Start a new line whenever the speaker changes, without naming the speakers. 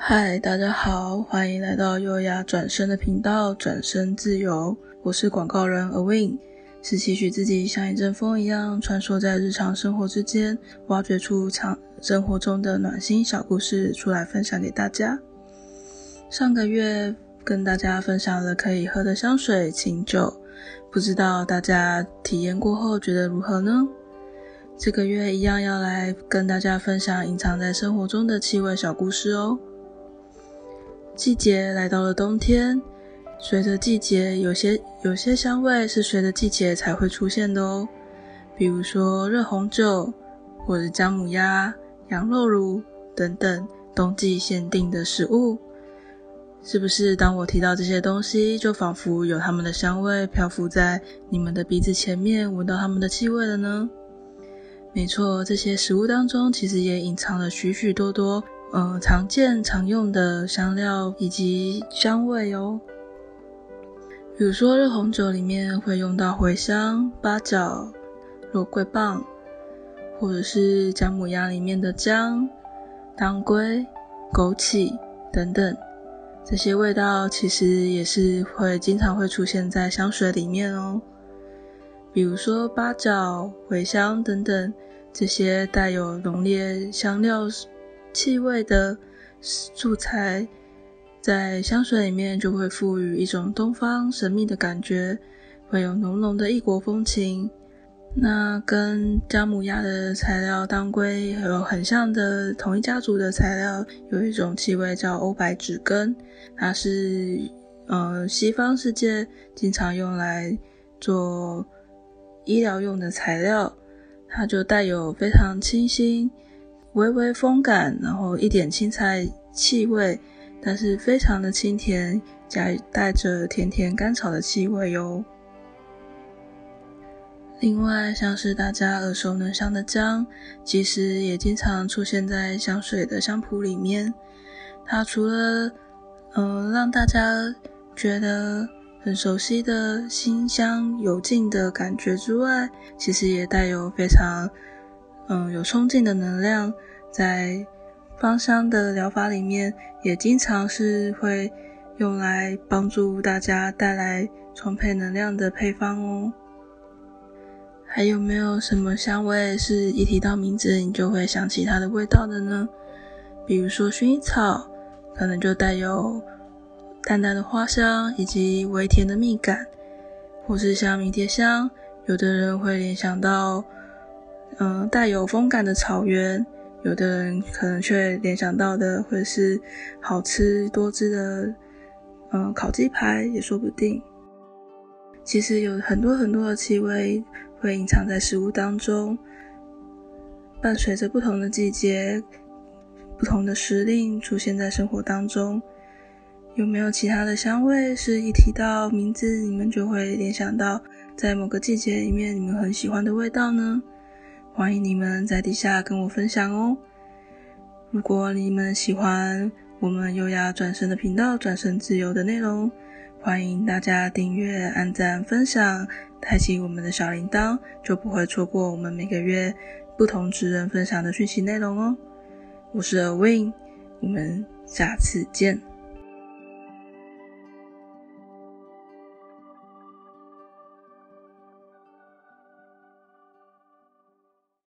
嗨，大家好，歡迎來到優雅轉身的頻道，轉身自由。我是廣告人 Awind，是期許自己像一陣風一樣穿梭在日常生活之間，挖掘出長生活中的暖心小故事出來分享給大家。上個月跟大家分享了可以喝的香水、清酒，不知道大家體驗過後覺得如何呢？這個月一樣要來跟大家分享隱藏在生活中的氣味小故事哦。季節來到了冬天，隨着季節，有些有些香味是隨着季節才會出現的哦，比如說熱紅酒，或者薑母鴨、羊肉爐等等冬季限定的食物。是不是當我提到這些東西，就仿佛有它們的香味漂浮在你們的鼻子前面，聞到它們的氣味了呢？沒錯，這些食物當中其實也隱藏了許許多多。呃，常見常用的香料以及香味哦，比如說熱紅酒裡面會用到茴香、八角、肉桂棒，或者是薑母鴨裡面的薑、當歸、枸杞等等，這些味道其實也是會經常會出現在香水裡面哦，比如說八角、茴香等等，這些帶有濃烈香料。氣味的素材在香水裡面就會賦予一種東方神秘的感覺，會有濃濃的異國風情。那跟薑母鴨的材料當歸有很像的同一家族的材料，有一種氣味叫歐白芷根，它是呃西方世界經常用來做醫療用的材料，它就帶有非常清新。微微風感，然後一點青菜氣味，但是非常的清甜，夾帶著甜甜甘草的氣味喲、哦。另外，像是大家耳熟能詳的薑，其實也經常出現在香水的香譜裡面。它除了嗯、呃、讓大家覺得很熟悉的辛香有勁的感覺之外，其實也帶有非常。嗯，有衝勁的能量，在芳香的療法裡面也經常是會用來幫助大家帶來充沛能量的配方哦。還有沒有什麼香味是一提到名字你就會想起它的味道的呢？比如說薰衣草，可能就帶有淡淡的花香以及微甜的蜜感，或是像迷迭香，有的人會聯想到。嗯、呃，帶有風感的草原，有的人可能卻聯想到的會是好吃多汁的，嗯、呃，烤雞排也說不定。其實有很多很多的氣味會隱藏在食物當中，伴隨着不同的季節、不同的時令出現在生活當中。有沒有其他的香味是一提到名字，你們就會聯想到在某個季節裡面你們很喜歡的味道呢？歡迎你們在底下跟我分享哦！如果你們喜歡我們優雅轉身的頻道、轉身自由的內容，歡迎大家訂閱、按贊、分享、抬起我們的小鈴鐺，就不會錯過我們每個月不同職人分享的訊息內容哦。我是 Awind，我們下次見。